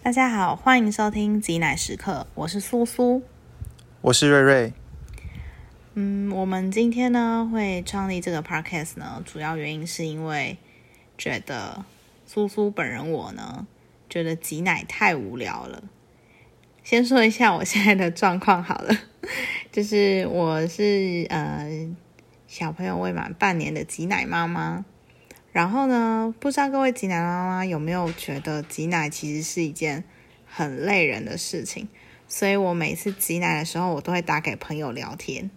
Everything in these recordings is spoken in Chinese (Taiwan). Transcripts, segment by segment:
大家好，歡迎收聽擠奶時刻，我是蘇蘇，我是瑞瑞。嗯，我們今天呢會創立這個 Podcast 呢，主要原因是因為覺得蘇蘇本人我呢覺得擠奶太無聊了。先說一下我現在的狀況好了，就是我是呃小朋友未滿半年的擠奶媽媽。然後呢，不知道各位擠奶媽媽有沒有覺得擠奶其實是一件很累人的事情，所以我每次擠奶的時候，我都會打給朋友聊天。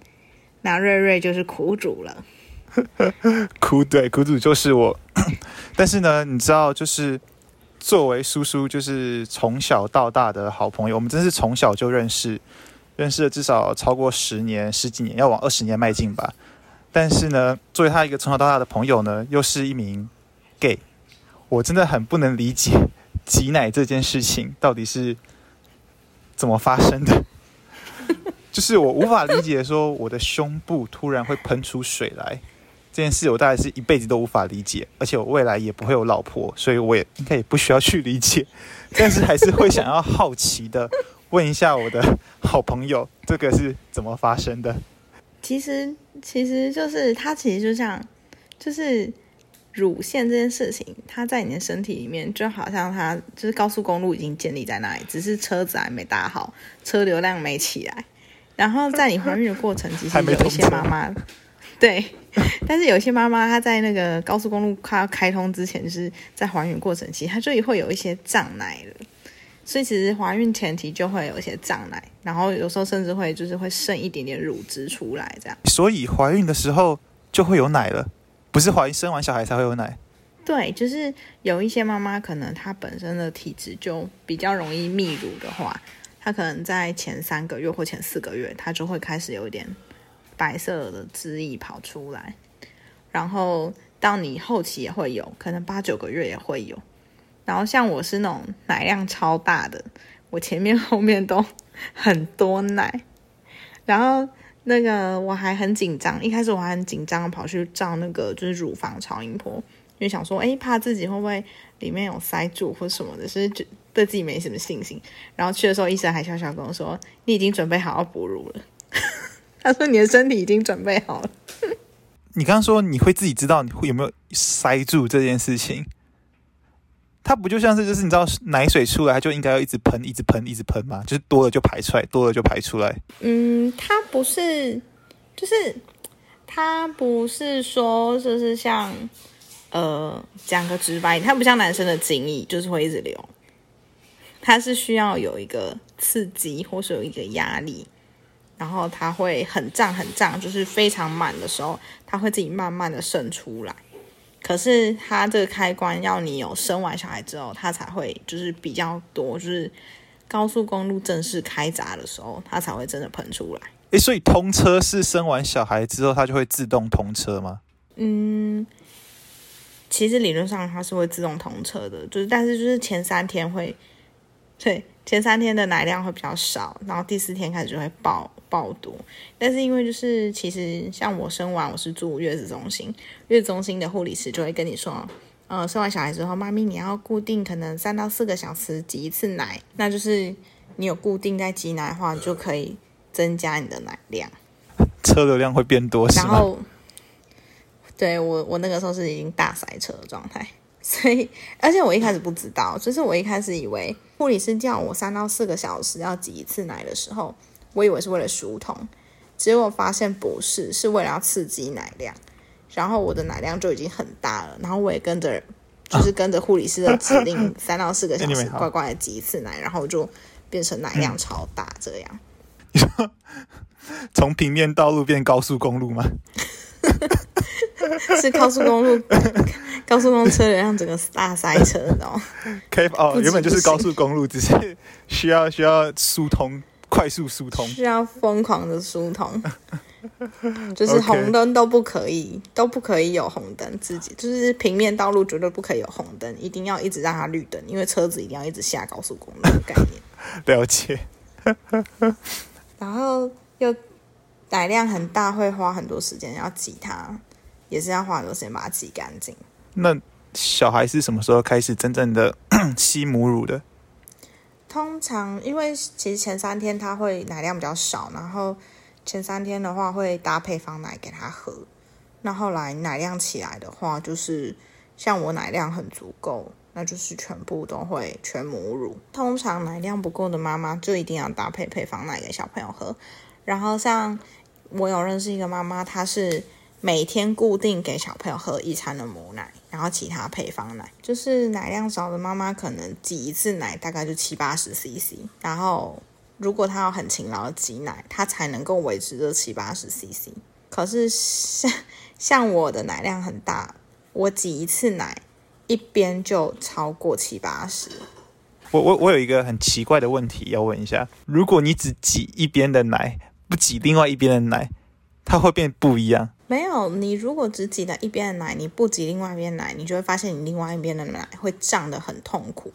那瑞瑞就是苦主了， 苦，對，苦主就是我。 但是呢，你知道，就是作為叔叔，就是從小到大的好朋友，我們真是從小就認識，認識了至少超過十年、十幾年，要往二十年邁進吧。但是呢，作為他一個從小到大的朋友呢，又是一名 gay，我真的很不能理解擠奶這件事情到底是怎麼發生的。就是我無法理解說，我的胸部突然會噴出水來，這件事我大概是一輩子都無法理解，而且我未來也不會有老婆，所以我也應該也不需要去理解。但是還是會想要好奇的問一下我的好朋友，這個是怎麼發生的？其實其實就是它其實就像就是乳腺這件事情，它在你的身體裡面就好像它就是高速公路已經建立在那裡，只是車子還沒搭好，車流量沒起來。然後在你懷孕的過程，其實有一些媽媽對，但是有一些媽媽她在那個高速公路快要開通之前，就是在懷孕過程，其實她就會有一些障礙的。所以其實懷孕前期就會有一些脹奶，然後有時候甚至會就是會剩一點點乳汁出來這樣。所以懷孕的時候就會有奶了，不是懷孕生完小孩才會有奶？對，就是有一些媽媽可能她本身的體質就比較容易泌乳的話，她可能在前三個月或前四個月，她就會開始有一點白色的汁液跑出來，然後到你後期也會有，可能八九個月也會有。然後像我是那種奶量超大的，我前面後面都很多奶。然後那個我還很緊張，一開始我還很緊張，跑去照那個就是乳房超音波，因為想說哎怕自己會不會裡面有塞住或什麼的，是,是對自己沒什麼信心。然後去的時候，醫生還笑笑跟我說：“你已經準備好要哺乳了。 ”他說：“你的身體已經準備好了。 ”你剛剛說你會自己知道你會有沒有塞住這件事情？它不就像是，就是你知道奶水出來，它就應該要一直噴，一直噴，一直噴嗎？就是多了就排出來，多了就排出來。嗯，它不是，就是它不是說，就是，是像，呃，講個直白一點，它不像男生的精液，就是會一直流。它是需要有一個刺激，或是有一個壓力，然後它會很脹很脹，就是非常滿的時候，它會自己慢慢的滲出來。可是它這個開關要你有生完小孩之後，它才會就是比較多，就是高速公路正式開閘的時候，它才會真的噴出來。哎、欸，所以通車是生完小孩之後，它就會自動通車嗎？嗯，其實理論上它是會自動通車的，就是但是就是前三天會。對，前三天的奶量會比較少，然後第四天開始就會爆爆多。但是因為就是，其實像我生完，我是住月子中心，月子中心的護理師就會跟你說，呃，生完小孩之後，媽咪你要固定可能三到四個小時擠一次奶，那就是你有固定在擠奶的話，就可以增加你的奶量，車流量會變多，然後對，我我那個時候是已經大塞車的狀態。所以，而且我一開始不知道，就是我一開始以為護理師叫我三到四個小時要擠一次奶的時候，我以為是為了疏通，結果發現不是，是為了要刺激奶量。然後我的奶量就已經很大了，然後我也跟着，就是跟着護理師的指令，三到四個小時乖乖的擠一次奶，然後就變成奶量超大這樣。你說從平面道路變高速公路嗎？ 是高速公路， 高速公路車流量整個大塞車，你知道嗎？可以哦，原本就是高速公路，只是需要需要疏通，快速疏通、通，需要瘋狂的疏通，就是紅燈都不可以， 都不可以有紅燈，自己就是平面道路絕對不可以有紅燈，一定要一直讓它綠燈，因為車子一定要一直下高速公路的概念。 了解。 然後又。奶量很大，會花很多時間要擠它，也是要花很多時間把它擠乾淨。那小孩是什麼時候開始真正的 吸母乳的？通常，因為其實前三天他會奶量比較少，然後前三天的話會搭配方奶給他喝。那後來奶量起來的話，就是像我奶量很足夠，那就是全部都會全母乳。通常奶量不夠的媽媽就一定要搭配配方奶給小朋友喝。然後像。我有認識一個媽媽，她是每天固定給小朋友喝一餐的母奶，然後其他配方奶。就是奶量少的媽媽，可能擠一次奶大概就七八十 CC。然後如果她要很勤勞地擠奶，她才能夠維持這七八十 CC。可是像像我的奶量很大，我擠一次奶一邊就超過七八十。我我我有一個很奇怪的問題要問一下：如果你只擠一邊的奶？不擠另外一邊的奶，它會變不一樣。沒有，你如果只擠了一邊的奶，你不擠另外一邊奶，你就會發現你另外一邊的奶會脹得很痛苦。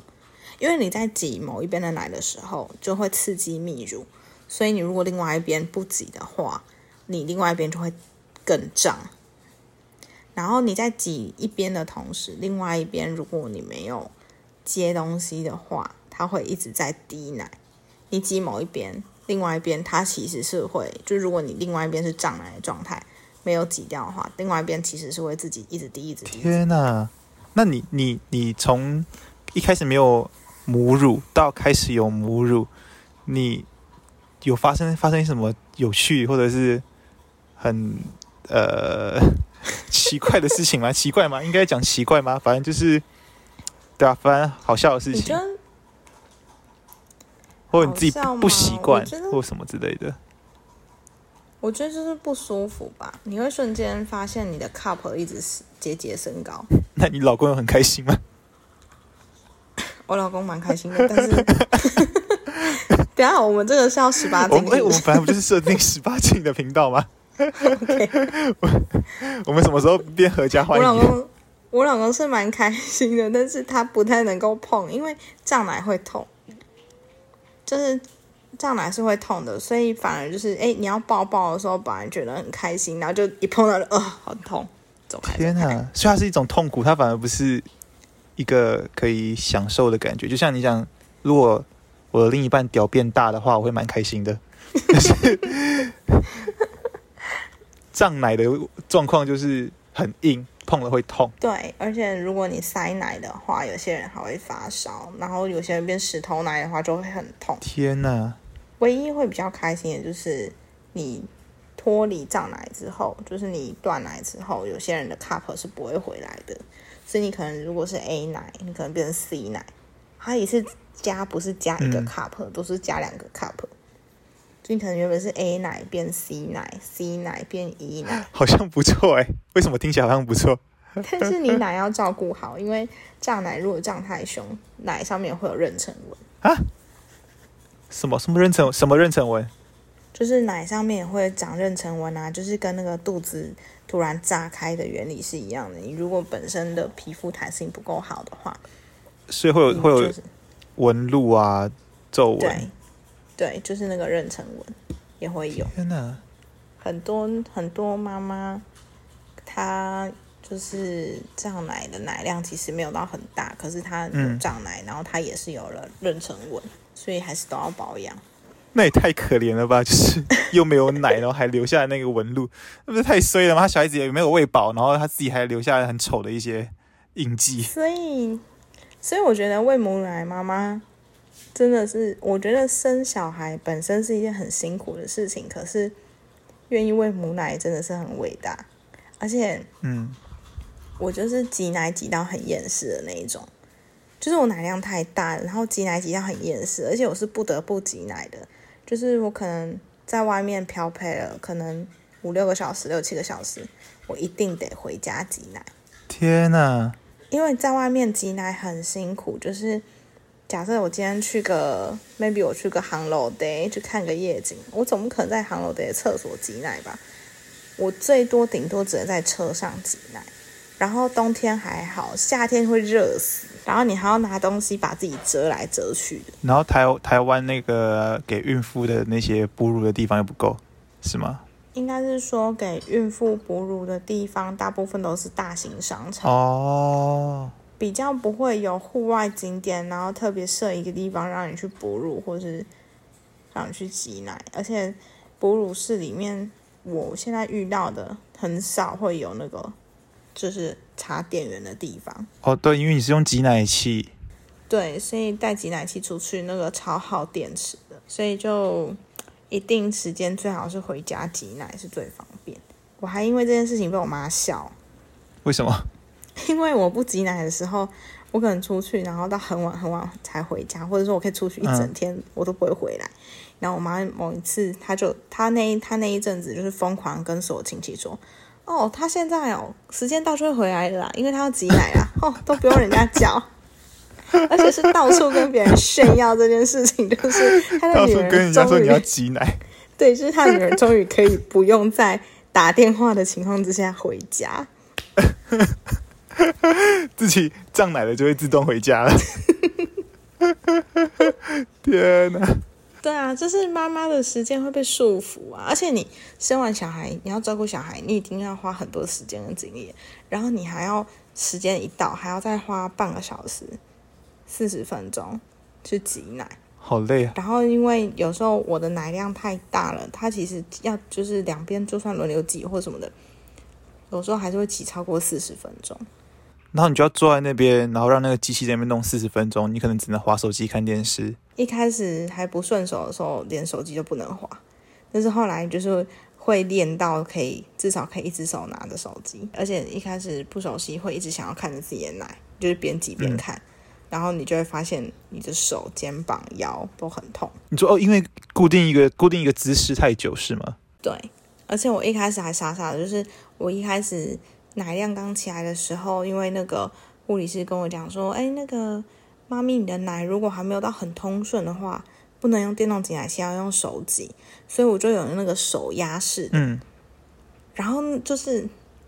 因為你在擠某一邊的奶的時候，就會刺激泌乳，所以你如果另外一邊不擠的話，你另外一邊就會更脹。然後你在擠一邊的同時，另外一邊如果你沒有接東西的話，它會一直在滴奶。你擠某一邊。另外一邊，它其實是會，就如果你另外一邊是脹奶的狀態，沒有擠掉的話，另外一邊其實是會自己一直滴一直滴。天哪、啊，那你你你從一開始沒有母乳到開始有母乳，你有發生發生什麼有趣或者是很呃奇怪的事情嗎？ 奇怪嗎？應該講奇怪嗎？反正就是，對啊，反正好笑的事情。或你自己不習慣或什麼之類的，我覺得就是不舒服吧。你會瞬間發現你的 cup 一直是節節升高。那你老公有很開心嗎？我老公蠻開心的，但是 等下我們這個是要十八禁，我們本來不就是設定十八禁的頻道嗎？OK， 我們什麼時候變合家歡？我老公，我老公是蠻開心的，但是他不太能夠碰，因為脹奶會痛。就是脹奶是會痛的，所以反而就是，哎、欸，你要抱抱的時候，本來覺得很開心，然後就一碰到就，呃，好痛，走開。走開，天吶，雖然是一種痛苦，它反而不是一個可以享受的感覺。就像你講，如果我的另一半屌變大的話，我會蠻開心的。但是脹 奶的狀況就是很硬。碰了會痛，對，而且如果你塞奶的話，有些人還會發燒，然後有些人變石頭奶的話就會很痛。天哪！唯一會比較開心的就是你脫離脹奶之後，就是你斷奶之後，有些人的 cup 是不會回來的，所以你可能如果是 A 奶，你可能變成 C 奶，它也是加，不是加一個 cup，嗯，都是加兩個 cup。你可能原本是 A 奶變 C 奶，C 奶變 E 奶，好像不錯哎、欸。為什麼聽起來好像不錯？但是你奶要照顧好，因為脹奶如果脹太兇，奶上面會有妊娠紋啊。什麼什麼妊娠什麼妊娠紋？就是奶上面也會長妊娠紋啊，就是跟那個肚子突然炸開的原理是一樣的。你如果本身的皮膚彈性不夠好的話，所以會有、嗯就是、會有紋路啊皺紋。對，就是那個妊娠紋，也會有。天哪，很多很多媽媽，她就是漲奶的奶量其實沒有到很大，可是她有漲奶、嗯，然後她也是有了妊娠紋，所以還是都要保養。那也太可憐了吧！就是又沒有奶， 然後還留下那個紋路，那不是太衰了嘛？小孩子也沒有餵飽，然後她自己還留下很醜的一些印記。所以，所以我覺得餵母乳媽媽。真的是，我覺得生小孩本身是一件很辛苦的事情，可是願意餵母奶真的是很偉大。而且，嗯，我就是擠奶擠到很厭世的那一種，就是我奶量太大，然後擠奶擠到很厭世，而且我是不得不擠奶的，就是我可能在外面漂泊了，可能五六個小時、六七個小時，我一定得回家擠奶。天哪！因為在外面擠奶很辛苦，就是。假設我今天去個，maybe 我去個航樓 day 去看個夜景，我總不可能在航樓 day 的廁所擠奶吧？我最多頂多只能在車上擠奶，然後冬天還好，夏天會熱死，然後你還要拿東西把自己折來折去的，然後台台灣那個給孕婦的那些哺乳的地方又不夠，是嗎？應該是說給孕婦哺乳的地方大部分都是大型商場哦。比較不會有戶外景點，然後特別設一個地方讓你去哺乳，或是讓你去擠奶。而且哺乳室裡面，我現在遇到的很少會有那個就是插電源的地方。哦，對，因為你是用擠奶器。對，所以帶擠奶器出去那個超耗電池的，所以就一定時間最好是回家擠奶是最方便。我還因為這件事情被我媽笑。為什麼？因為我不擠奶的時候，我可能出去，然後到很晚很晚才回家，或者說我可以出去一整天，嗯、我都不會回來。然後我媽某一次，她就她那一她那一陣子就是瘋狂跟所有親戚說：“哦、oh,，她現在哦，時間到就會回來啦，因為她要擠奶啦，哦、 oh, 都不用人家叫， 而且是到處跟別人炫耀這件事情，就是她的女兒終於要擠奶， 對，就是她的女兒終於可以不用在打電話的情況之下回家。 ” 自己脹奶了就會自動回家了。 天哪，啊！對啊，這，就是媽媽的時間會被束縛啊。而且你生完小孩，你要照顧小孩，你一定要花很多時間跟精力。然後你還要時間一到，還要再花半個小時、四十分鐘去擠奶，好累啊。然後因為有時候我的奶量太大了，它其實要就是兩邊就算輪流擠或什麼的，有時候還是會擠超過四十分鐘。然後你就要坐在那邊，然後讓那個機器在那邊弄四十分鐘，你可能只能滑手機看電視。一開始還不順手的時候，連手機都不能滑，但是後來就是會練到可以至少可以一只手拿着手機，而且一開始不熟悉會一直想要看着自己的奶，就是邊擠邊看，嗯，然後你就會發現你的手、肩膀、腰都很痛。你說哦，因為固定一個固定一個姿勢太久是嗎？對，而且我一開始還傻傻的，就是我一開始。奶量剛起來的時候，因為那個護理師跟我講說：“哎、欸，那個媽咪，你的奶如果還沒有到很通順的話，不能用電動擠奶器，要用手擠。”所以我就有那個手壓式。嗯。然後就是，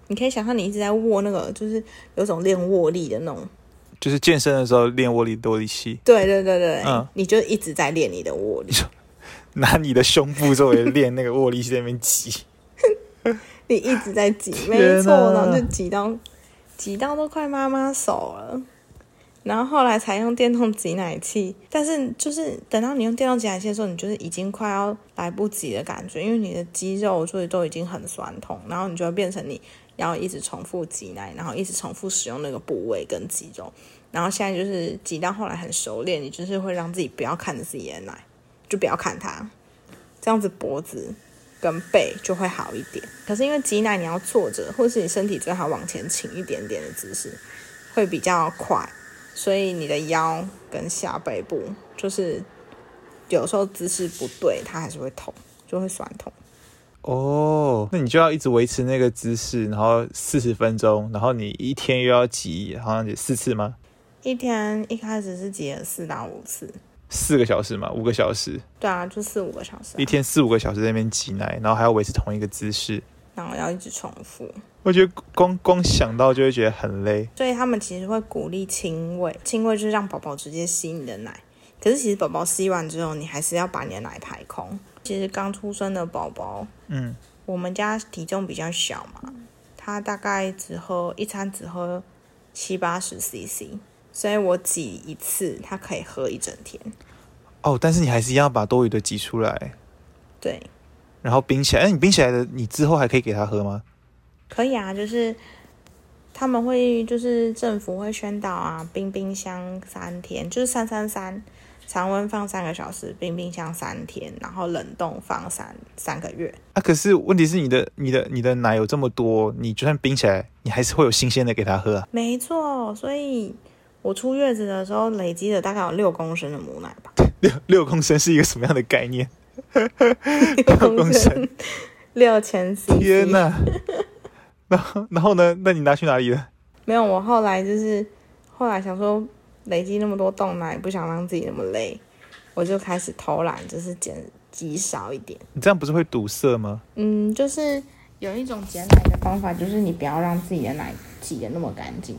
你可以想象你一直在握那個，就是有種練握力的那種，就是健身的時候練握力、握力、握力器。對對對對、嗯，你就一直在練你的握力，拿你的胸部作為練那個握力器在那邊擠。 你一直在擠，沒錯，然後就擠到，擠到都快媽媽手了。然後後來才用電動擠奶器，但是就是等到你用電動擠奶器的時候，你就是已經快要來不及的感覺，因為你的肌肉所以都已經很酸痛，然後你就會變成你要一直重複擠奶，然後一直重複使用那個部位跟肌肉。然後現在就是擠到後來很熟練，你就是會讓自己不要看着自己的奶，就不要看它，這樣子脖子。跟背就會好一點，可是因為擠奶你要坐着，或是你身體最好往前傾一點點的姿勢，會比較快，所以你的腰跟下背部就是有時候姿勢不對，它還是會痛，就會酸痛。哦，oh，那你就要一直維持那個姿勢，然後四十分鐘，然後你一天又要擠好像四次嗎？一天一開始是擠了四到五次。四個小時嘛，五個小時。對啊，就四五個小時。一天四五個小時在那邊擠奶，然後還要維持同一個姿勢，然後要一直重複。我覺得光光想到就會覺得很累。所以他們其實會鼓勵親餵，親餵就是讓寶寶直接吸你的奶。可是其實寶寶吸完之後，你還是要把你的奶排空。其實剛出生的寶寶，嗯，我們家體重比較小嘛，他大概只喝，一餐只喝七八十 CC。所以我擠一次，它可以喝一整天。哦，但是你還是要把多餘的擠出來。對。然後冰起來，哎、呃，你冰起來的，你之後還可以給他喝嗎？可以啊，就是他們會，就是政府會宣導啊，冰冰箱三天，就是三三三，常溫放三個小時，冰冰箱三天，然後冷凍放三三個月。啊，可是問題是你，你的你的你的奶有這麼多，你就算冰起來，你還是會有新鮮的給他喝、啊。沒錯，所以。我出月子的時候累積了大概有六公升的母奶吧。六六公升是一個什麼樣的概念？六公升，呵呵六公升，六千四。天哪！ 然後然後呢？那你拿去哪裡了？沒有，我後來就是後來想說累積那麼多凍奶，不想讓自己那麼累，我就開始偷懶，就是減擠少一點。你這樣不是會堵塞嗎？嗯，就是有一種擠奶的方法，就是你不要讓自己的奶擠得那麼乾淨，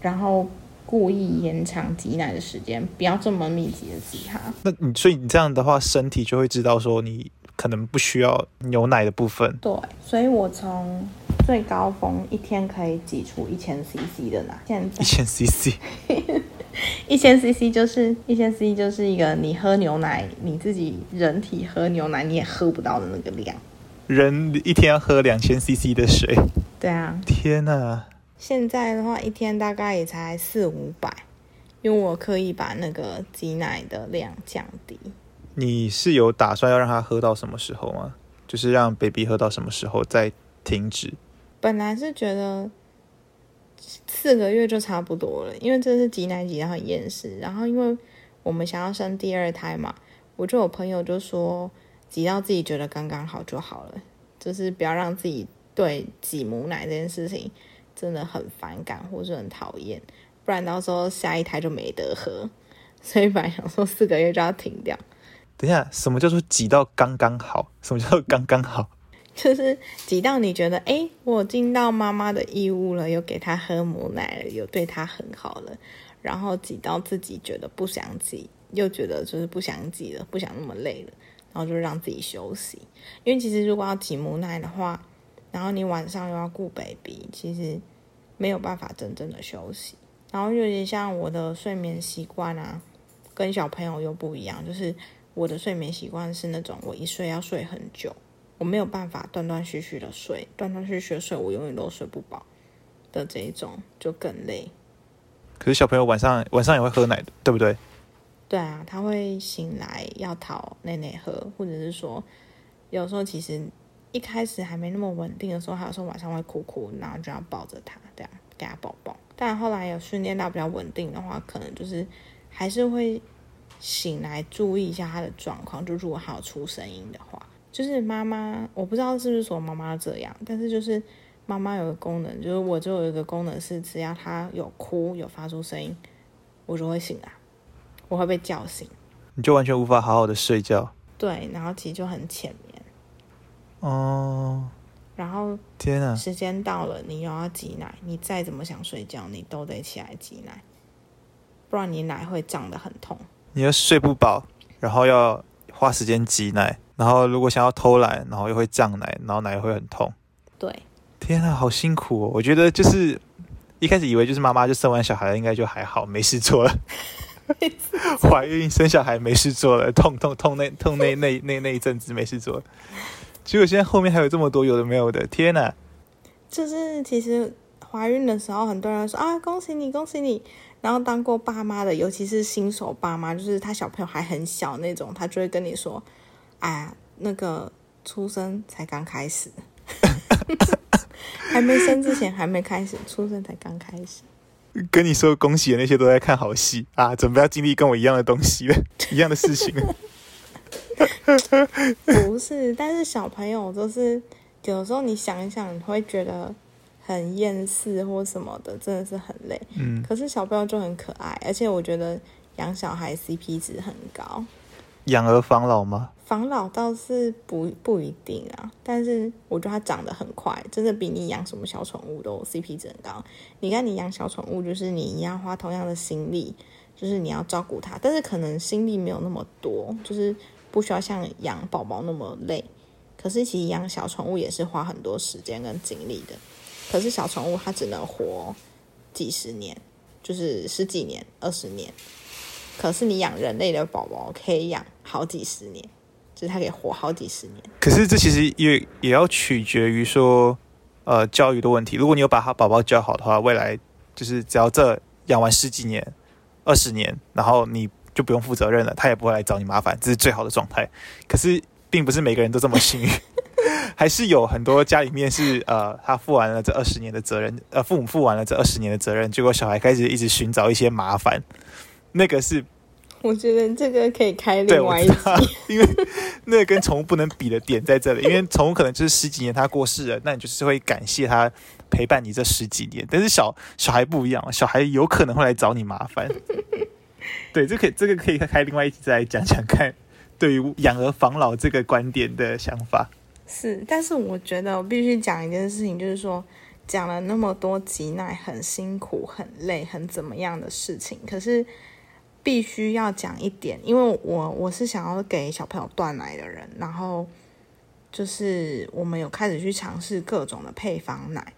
然後。故意延長擠奶的時間，不要這麼密集的擠哈。那你所以你這樣的話，身體就會知道說你可能不需要牛奶的部分。對，所以我從最高峰一天可以擠出一千 CC 的奶，現在一千 CC，一千 CC 就是一千 CC 就是一個你喝牛奶，你自己人體喝牛奶你也喝不到的那個量。人一天要喝兩千 CC 的水。對啊。天啊！現在的話，一天大概也才四五百，因為我可以把那個擠奶的量降低。你是有打算要讓他喝到什麼時候嗎？就是讓 baby 喝到什麼時候再停止？本來是覺得四個月就差不多了，因為這是擠奶擠到很厭食，然後因為我們想要生第二胎嘛，我就有朋友就說，擠到自己覺得剛剛好就好了，就是不要讓自己對擠母奶這件事情。真的很反感或者很討厭，不然到時候下一胎就沒得喝，所以本來想說四個月就要停掉。等下，什麼叫做擠到剛剛好？什麼叫剛剛好？ 就是擠到你覺得，誒、欸，我盡到媽媽的義務了，又給她喝母奶了，又對她很好了，然後擠到自己覺得不想擠，又覺得就是不想擠了，不想那麼累了，然後就讓自己休息。因為其實如果要擠母奶的話，然後你晚上又要顧 baby，其實沒有辦法真正的休息。然後有點像我的睡眠習慣啊，跟小朋友又不一樣。就是我的睡眠習慣是那種我一睡要睡很久，我沒有辦法斷斷續續的睡，斷斷續續睡，我永遠都睡不飽的這一種，就更累。可是小朋友晚上晚上也會喝奶，對不對？對啊，他會醒來要討奶奶喝，或者是說有時候其實。一開始還沒那麼穩定的時候，他有時候晚上會哭哭，然後就要抱着他，這樣給他抱抱。但後來有訓練到比較穩定的話，可能就是還是會醒來注意一下他的狀況。就如果他有出聲音的話，就是媽媽，我不知道是不是說媽媽這樣，但是就是媽媽有個功能，就是我就有一個功能是，只要他有哭有發出聲音，我就會醒來、啊，我會被叫醒。你就完全無法好好的睡覺。對，然後其實就很淺。哦、oh，然後天哪、啊，時間到了，你又要擠奶。你再怎麼想睡覺，你都得起來擠奶，不然你奶會脹得很痛。你又睡不飽，然後要花時間擠奶，然後如果想要偷懶，然後又會脹奶，然後奶又會很痛。對，天啊，好辛苦哦！我覺得就是一開始以為就是媽媽就生完小孩應該就還好，沒事做了。懷 沒事做笑孕生小孩沒事做了，痛痛痛，那痛那，那痛那那那那一陣子沒事做了。所以我現在後面還有這麼多有的沒有的，天吶！就是其實懷孕的時候，很多人說啊，恭喜你恭喜你，然後當過爸媽的，尤其是新手爸媽，就是他小朋友還很小那種，他就會跟你說，啊，那個出生才剛開始， 還沒生之前還沒開始，出生才剛開始。跟你說恭喜的那些都在看好戲啊，準備要經歷跟我一樣的東西了，一樣的事情。 不是，但是小朋友就是有時候你想一想，你會覺得很厭世或什麼的，真的是很累。嗯。可是小朋友就很可愛，而且我覺得養小孩 CP 值很高，養兒防老嗎？防老倒是不不一定啊，但是我覺得他長得很快，真的比你養什麼小寵物都 CP 值很高。你看你養小寵物，就是你一樣花同樣的心力，就是你要照顧他，但是可能心力沒有那麼多，就是。不需要像養寶寶那麼累，可是其實養小寵物也是花很多時間跟精力的。可是小寵物它只能活幾十年，就是十幾年、二十年。可是你養人類的寶寶可以養好幾十年，就是它可以活好幾十年。可是這其實也也要取決於說，呃，教育的問題。如果你有把他寶寶教好的話，未來就是只要這養完十幾年、二十年，然後你。就不用負責任了，他也不會來找你麻煩，這是最好的狀態。可是，並不是每個人都這麼幸運， 還是有很多家裡面是呃，他負完了這二十年的責任，呃，父母負完了這二十年的責任，結果小孩開始一直尋找一些麻煩。那個是，我覺得這個可以開另外一個， 因為那個跟寵物不能比的點在這裡，因為寵物可能就是十幾年他過世了，那你就是會感謝他陪伴你這十幾年，但是小小孩不一樣，小孩有可能會來找你麻煩。 對，這個、可以這個可以開另外一集再來講講看，對於養兒防老這個觀點的想法是，但是我覺得我必須講一件事情，就是說講了那麼多擠奶很辛苦、很累、很怎麼樣的事情，可是必須要講一點，因為我我是想要給小朋友斷奶的人，然後就是我們有開始去嘗試各種的配方奶，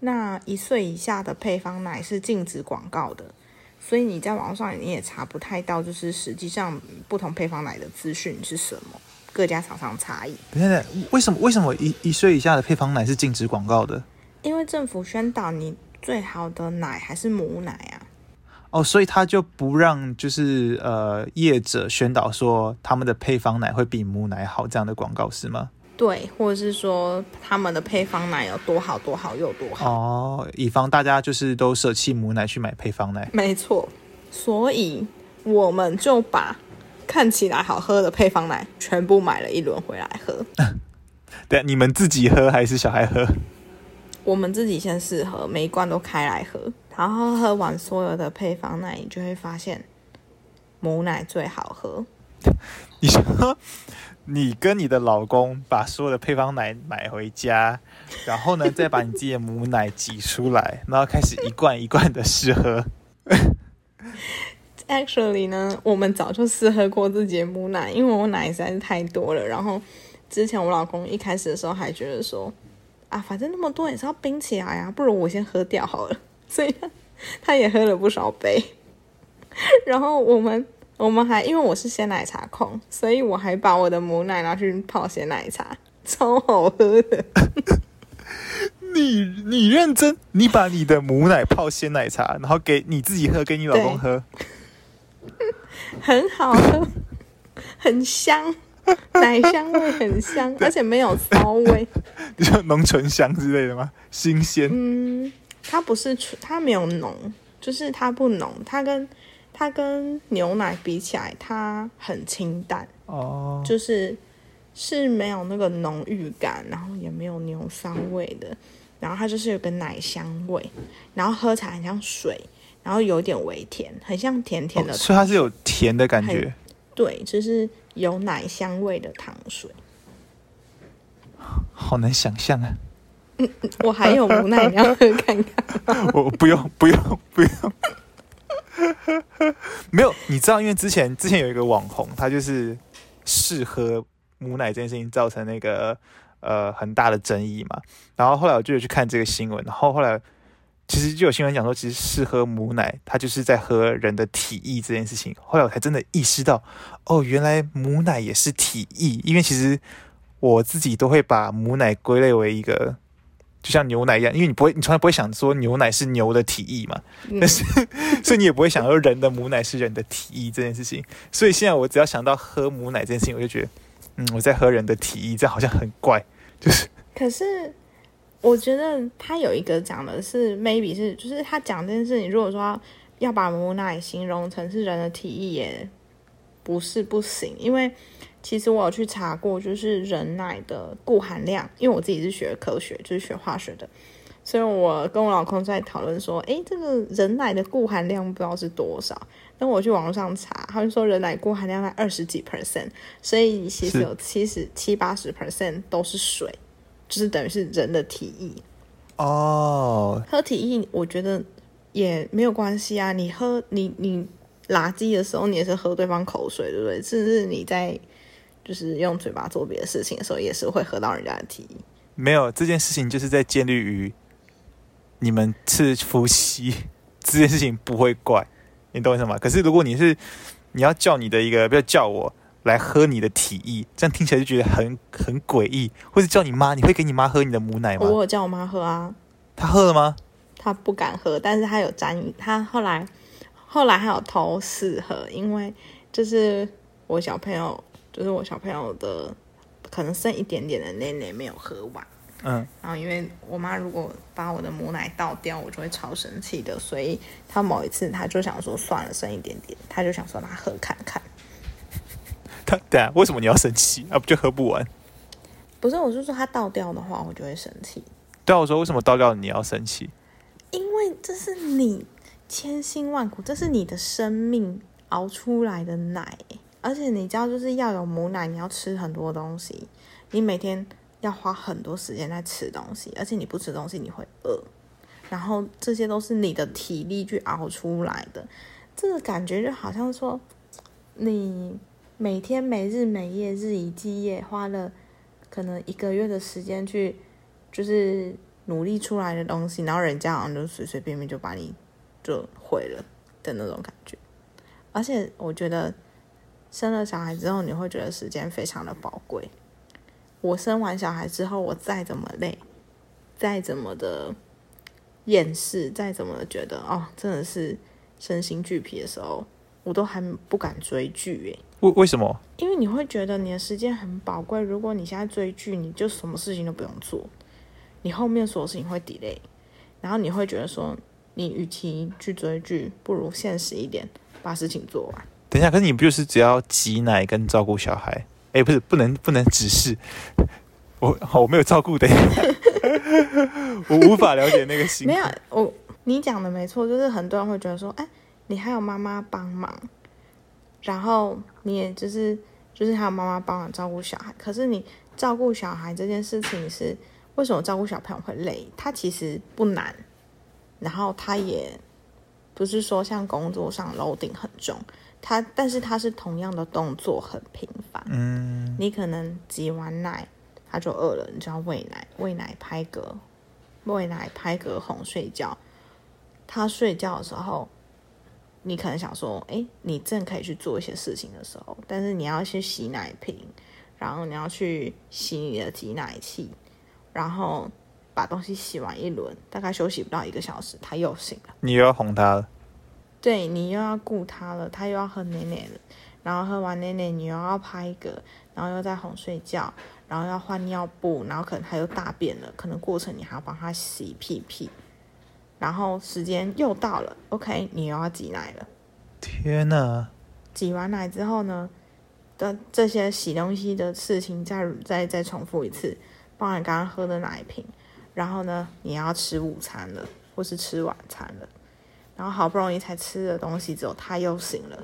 那一歲以下的配方奶是禁止廣告的。所以你在網上你也查不太到，就是實際上不同配方奶的資訊是什麼，各家廠商差異。現在為什麼為什麼一一歲以下的配方奶是禁止廣告的？因為政府宣導你最好的奶還是母奶啊。哦，所以他就不讓就是呃業者宣導說他們的配方奶會比母奶好這樣的廣告是嗎？對，或者是說他們的配方奶有多好，多好又多好哦，oh, 以防大家就是都捨棄母奶去買配方奶。沒錯，所以我們就把看起來好喝的配方奶全部買了一輪回來喝。對， 你們自己喝還是小孩喝？我們自己先試喝，每一罐都開來喝，然後喝完所有的配方奶，你就會發現母奶最好喝。 你說想喝？ 你跟你的老公把所有的配方奶買回家，然後呢，再把你自己的母奶擠出來， 然後開始一罐一罐的試喝。 Actually 呢，我們早就試喝過自己的母奶，因為我奶實在是太多了。然後之前我老公一開始的時候還覺得說，啊，反正那麼多也是要冰起來呀，啊，不如我先喝掉好了。所以他，他也喝了不少杯，然後我們。我們還因為我是鮮奶茶控，所以我還把我的母奶拿去泡鮮奶茶，超好喝的。 你你認真？你把你的母奶泡鮮奶茶，然後給你自己喝，給你老公喝， 很好喝，很香， 奶香味很香， 而且沒有騷味。你說濃醇香之類的嗎？新鮮。嗯，它不是醇，它沒有濃，就是它不濃，它跟。它跟牛奶比起來，它很清淡，哦、oh.，就是是沒有那個濃郁感，然後也沒有牛酸味的，然後它就是有個奶香味，然後喝起來很像水，然後有點微甜，很像甜甜的，所以它是有甜的感覺，對，就是有奶香味的糖水，好難想象啊、嗯！我還有無奈牛奶。 你要喝看看，我不要不要不要。 沒有，你知道，因為之前之前有一個網紅，他就是試喝母奶這件事情，造成那個呃很大的爭議嘛。然後後來我就有去看這個新聞，然後後來其實就有新聞講說，其實試喝母奶，他就是在喝人的體液這件事情。後來我才真的意識到，哦，原來母奶也是體液，因為其實我自己都會把母奶歸類為一個。就像牛奶一樣，因為你不會，你從來不會想說牛奶是牛的體液嘛。但是，嗯、 所以你也不會想說人的母奶是人的體液這件事情。所以現在我只要想到喝母奶這件事情，我就覺得，嗯，我在喝人的體液，這好像很怪，就是。可是，我覺得他有一個講的是，maybe 是，就是他講這件事情，如果說要，要把母奶形容成是人的體液，也不是不行，因為。其實我有去查過，就是人奶的固含量，因為我自己是學科學，就是學化學的，所以我跟我老公在討論說，哎、欸，這個人奶的固含量不知道是多少。那我去網上查，他就說人奶固含量在二十幾 percent，所以其實有七十七八十 percent 都是水，就是等於是人的體液哦。Oh. 喝體液，我覺得也沒有關係啊。你喝你你垃圾的時候，你也是喝對方口水，對不對？甚至你在就是用嘴巴做別的事情的時候，也是會喝到人家的體液。沒有這件事情，就是在建立於你們是夫妻這件事情不會怪你，懂我什麼？可是如果你是你要叫你的一個，不要叫我來喝你的體液，這樣聽起來就覺得很很詭異。或者叫你媽，你會給你媽喝你的母奶嗎？我有叫我媽喝啊。她喝了嗎？她不敢喝，但是她有沾。她後來後來還有偷試喝，因為就是我小朋友。就是我小朋友的，可能剩一點點的奶奶沒有喝完，嗯，然後因為我媽如果把我的母奶倒掉，我就會超生氣的，所以她某一次她就想說算了，剩一點點，她就想說拿喝看看。他對啊，為什麼你要生氣啊？不就喝不完？不是，我是說她倒掉的話，我就會生氣。對啊，我說為什麼倒掉你要生氣？因為這是你千辛萬苦，這是你的生命熬出來的奶。而且你知道，就是要有母奶，你要吃很多東西，你每天要花很多時間在吃東西，而且你不吃東西你會餓，然後這些都是你的體力去熬出來的，這個感覺就好像說，你每天每日每夜、日以繼夜花了可能一個月的時間去就是努力出來的東西，然後人家好像就隨隨便便就把你就毀了的那種感覺，而且我覺得。生了小孩之後，你會覺得時間非常的寶貴。我生完小孩之後，我再怎麼累，再怎麼的厭世，再怎麼的覺得哦，真的是身心俱疲的時候，我都還不敢追劇哎。為為什麼？因為你會覺得你的時間很寶貴。如果你現在追劇，你就什麼事情都不用做，你後面所有事情會 delay。然後你會覺得說，你與其去追劇，不如現實一點，把事情做完。等一下，可是你不就是只要擠奶跟照顧小孩？哎、欸，不是，不能不能只是我好，我沒有照顧，的， 我無法了解那個辛苦。 沒有，我你講的沒錯，就是很多人會覺得說，哎、欸，你還有媽媽幫忙，然後你也就是就是還有媽媽幫忙照顧小孩。可是你照顧小孩這件事情是為什麼？照顧小朋友會累，它其實不難，然後它也不是說像工作上 loading 很重。他，但是他是同樣的動作很頻繁。嗯，你可能擠完奶，他就餓了，你就要餵奶，餵奶拍嗝，餵奶拍嗝哄睡覺。他睡覺的時候，你可能想說，誒、欸，你正可以去做一些事情的時候，但是你要去洗奶瓶，然後你要去洗你的擠奶器，然後把東西洗完一輪，大概休息不到一個小時，他又醒了，你又要哄他了。對，你又要顧他了，他又要喝奶奶了，然後喝完奶奶你又要拍嗝，然後又在哄睡覺，然後要換尿布，然後可能他又大便了，可能過程你還要幫他洗屁屁，然後時間又到了，OK，你又要擠奶了。天哪！擠完奶之後呢，的這些洗東西的事情再再再重複一次，包含剛剛喝的奶瓶，然後呢，你要吃午餐了，或是吃晚餐了。然後好不容易才吃了東西，之後，他又醒了。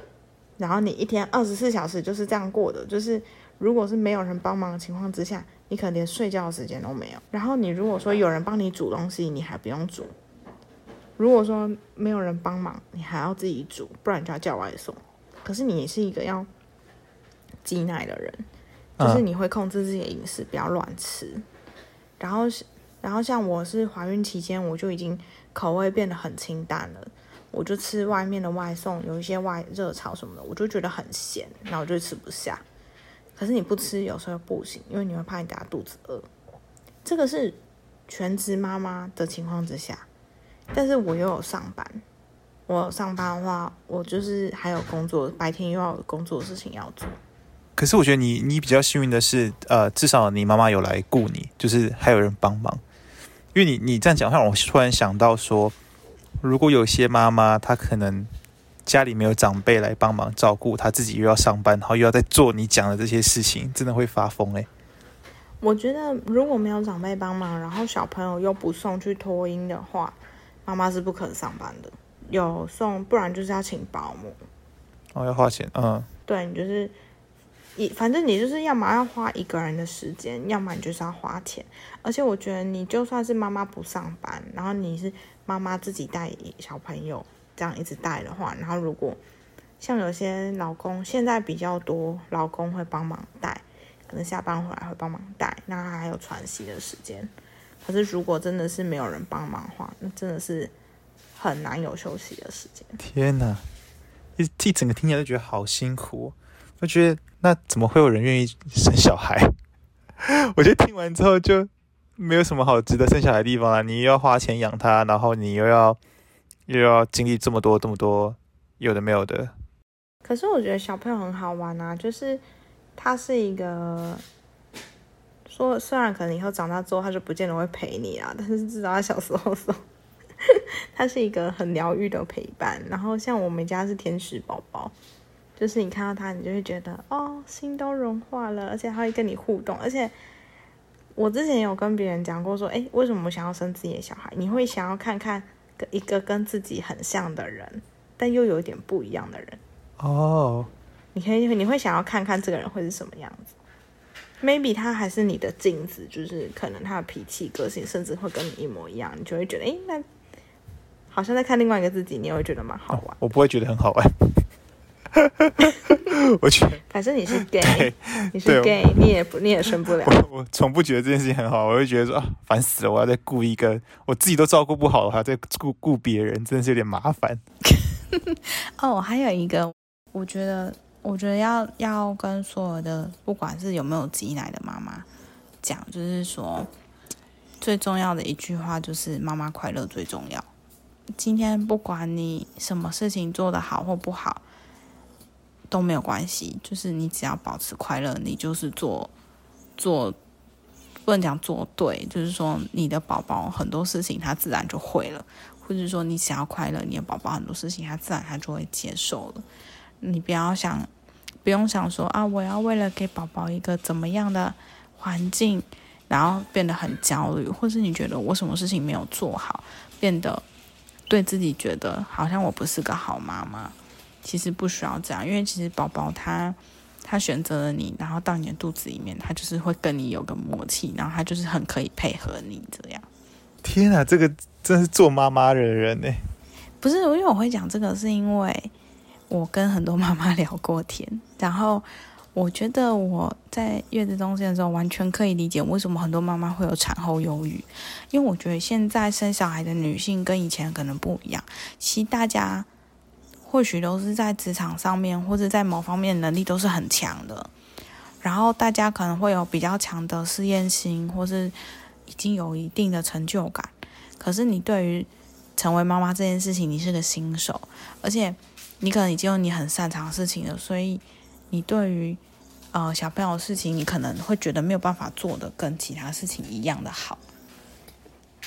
然後你一天二十四小時就是這樣過的，就是如果是沒有人幫忙的情況之下，你可能連睡覺的時間都沒有。然後你如果說有人幫你煮東西，你還不用煮；如果說沒有人幫忙，你還要自己煮，不然就要叫外送。可是你是一個要擠奶的人，就是你會控制自己的飲食，不要亂吃。嗯、然後是，然後像我是懷孕期間，我就已經口味變得很清淡了。我就吃外面的外送，有一些外熱炒什麼的，我就覺得很鹹，然後我就吃不下。可是你不吃有時候又不行，因為你會怕你家肚子餓。這個是全職媽媽的情況之下，但是我又有上班，我上班的話，我就是還有工作，白天又要有工作的事情要做。可是我覺得你你比較幸運的是，呃，至少你媽媽有來顧你，就是還有人幫忙。因為你你這樣講話，我突然想到說。如果有些媽媽，她可能家裡沒有長輩來幫忙照顧，她自己又要上班，然後又要再做你講的這些事情，真的會發瘋嘞、欸。我覺得如果沒有長輩幫忙，然後小朋友又不送去托嬰的話，媽媽是不可能上班的。有送，不然就是要請保姆。哦，要花錢，嗯，對，你就是一反正你就是要麼要花一個人的時間，要麼你就是要花錢。而且我覺得你就算是媽媽不上班，然後你是。媽媽自己帶小朋友，這樣一直帶的話，然後如果像有些老公現在比較多，老公會幫忙帶，可能下班回來會幫忙帶，那還有喘息的時間。可是如果真的是沒有人幫忙的話，那真的是很難有休息的時間。天哪啊，一整個聽起來都覺得好辛苦哦，我覺得那怎麼會有人願意生小孩？ 我就聽完之後就。沒有什麼好值得生小孩的地方啊，你又要花錢養他，然後你又要又要經歷這麼多這麼多，有的沒有的。可是我覺得小朋友很好玩啊，就是他是一個說，雖然可能以後長大之後他就不見得會陪你啊，但是至少他小時候說，他是一個很療癒的陪伴。然後像我們家是天使寶寶，就是你看到他，你就會覺得哦，心都融化了，而且還會跟你互動，而且。我之前有跟別人講過，說，欸，為什麼我想要生自己的小孩？你會想要看看跟一個跟自己很像的人，但又有點不一樣的人哦。Oh. 你可以，你會想要看看這個人會是什麼樣子？Maybe 他還是你的鏡子，就是可能他的脾氣、個性甚至會跟你一模一樣，你就會覺得，欸，那好像在看另外一個自己，你也會覺得蠻好玩。Oh, 我不會覺得很好玩。哈哈，我去。反正你是 gay，你是 gay，你也不你也生不了。我從不覺得這件事情很好，我就覺得說啊，煩死了！我要再顧一個，我自己都照顧不好的話，再顧顧別人，真的是有點麻煩。 哦，還有一個，我覺得，我覺得要要跟所有的，不管是有沒有擠奶的媽媽講，就是說，最重要的一句話就是媽媽快樂最重要。今天不管你什麼事情做得好或不好，都沒有關係，就是你只要保持快樂，你就是做做，不能講做對，就是說你的寶寶很多事情他自然就會了，或者說你只要快樂，你的寶寶很多事情他自然他就會接受了。你不要想，不用想說啊，我要為了給寶寶一個怎麼樣的環境，然後變得很焦慮，或是你覺得我什麼事情沒有做好，變得對自己覺得好像我不是個好媽媽。其實不需要這樣，因為其實寶寶他他選擇了你，然後到你的肚子裡面，他就是會跟你有個默契，然後他就是很可以配合你這樣。天啊，這個真是做媽媽的人呢。不是，因為我會講這個，是因為我跟很多媽媽聊過天，然後我覺得我在月子中心的時候，完全可以理解為什麼很多媽媽會有產後憂鬱，因為我覺得現在生小孩的女性跟以前可能不一樣，其實大家。或許都是在職場上面，或者在某方面能力都是很強的，然後大家可能會有比較強的事業心，或是已經有一定的成就感。可是你對於成為媽媽這件事情，你是個新手，而且你可能已經有你很擅長的事情了，所以你對於呃小朋友的事情，你可能會覺得沒有辦法做得跟其他事情一樣的好。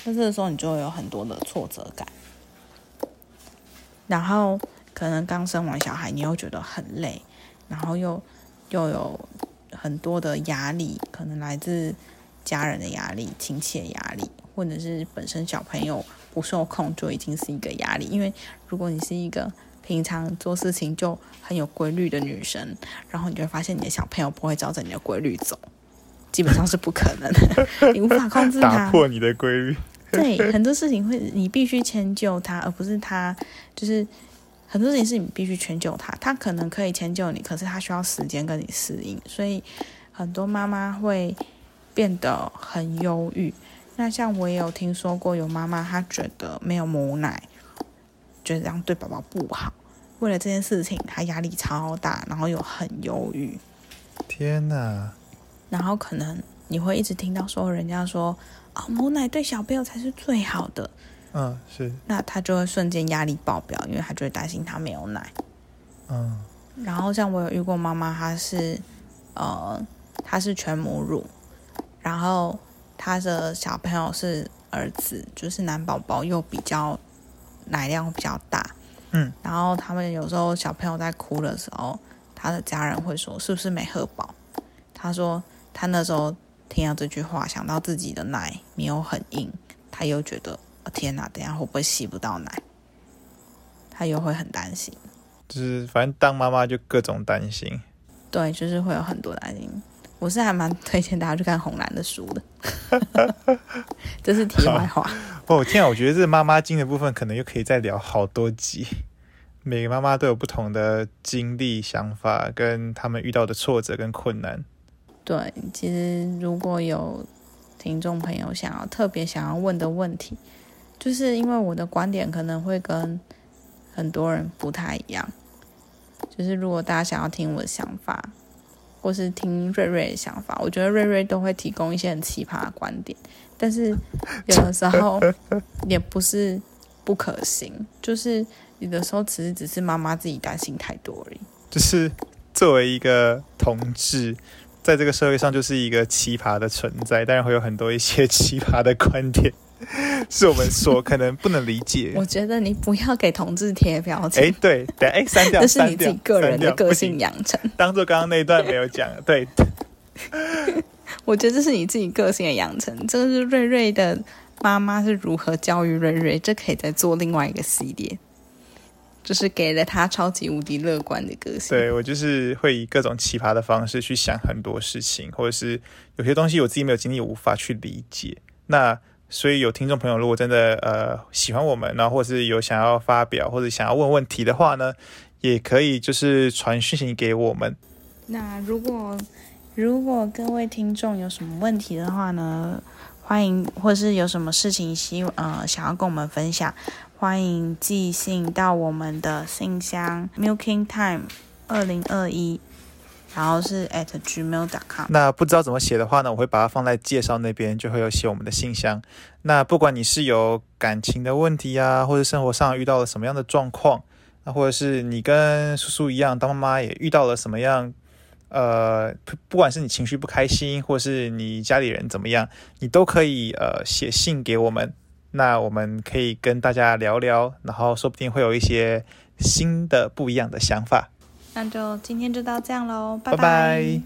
那這個時候你就會有很多的挫折感，然後。可能剛生完小孩，你又覺得很累，然後又又有很多的壓力，可能來自家人的壓力、親戚的壓力，或者是本身小朋友不受控就已經是一個壓力。因為如果你是一個平常做事情就很有規律的女生，然後你就會發現你的小朋友不會照着你的規律走，基本上是不可能的， 你無法控制他，打破你的規律。 對，很多事情會，你必須遷就他，而不是他就是。很多事情是你必須遷就他，他可能可以遷就你，可是他需要時間跟你適應，所以很多媽媽會變得很憂鬱。那像我也有聽說過有媽媽她覺得沒有母奶，覺得這樣對寶寶不好，為了這件事情她壓力超大，然後又很憂鬱。天哪！然後可能你會一直聽到說人家說，哦，母奶對小朋友才是最好的。嗯，是。那他就會瞬間壓力爆表，因為他就會擔心他沒有奶。嗯。然後像我有遇過媽媽，她是，呃，她是全母乳，然後她的小朋友是兒子，就是男寶寶，又比較奶量比較大。嗯。然後他們有時候小朋友在哭的時候，他的家人會說：“是不是沒喝飽？”他說他那時候聽到這句話，想到自己的奶沒有很硬，他又覺得。天啊，等下會不會吸不到奶？他又會很擔心。就是反正當媽媽就各種擔心。對，就是會有很多擔心。我是還蠻推薦大家去看紅藍的書的。 這是題外話。哦，天啊，我覺得這媽媽經的部分可能又可以再聊好多集。 每個媽媽都有不同的經歷、想法，跟他們遇到的挫折跟困難。對，其實如果有聽眾朋友想要，特別想要問的問題，就是因為我的觀點可能會跟很多人不太一樣，就是如果大家想要聽我的想法，或是聽瑞瑞的想法，我覺得瑞瑞都會提供一些很奇葩的觀點，但是有的時候也不是不可行，就是有的時候其實只是媽媽自己擔心太多而已。就是作為一個同志，在這個社會上就是一個奇葩的存在，但是會有很多一些奇葩的觀點。是我們說可能不能理解。 我覺得你不要給同志貼標籤。哎、欸，對，哎、刪、欸、掉，這是你自己個人的個性養成。當做剛剛那一段沒有講。 對， 我覺得這是你自己個性的養成。這個是瑞瑞的媽媽是如何教育瑞瑞，這可以再做另外一個系列。就是給了她超級無敵樂觀的個性。對，我就是會以各種奇葩的方式去想很多事情，或者是有些東西我自己沒有經歷，我無法去理解。那。所以有聽眾朋友，如果真的呃喜歡我們然後或是有想要發表或者想要問問題的話呢，也可以就是傳訊息給我們。那如果如果各位聽眾有什麼問題的話呢，歡迎或是有什麼事情希望呃想要跟我們分享，歡迎寄信到我們的信箱 Milking Time 二零二一。然後是 at gmail.com。那不知道怎麼寫的話呢，我會把它放在介紹那邊，就會有寫我們的信箱。那不管你是有感情的問題呀、啊，或者生活上遇到了什麼樣的狀況，啊，或者是你跟叔叔一樣當媽媽也遇到了什麼樣，呃，不管是你情緒不開心，或者是你家裡人怎麼樣，你都可以呃寫信給我們。那我們可以跟大家聊聊，然後說不定會有一些新的不一樣的想法。那就今天就到這樣嘍，拜拜。拜拜。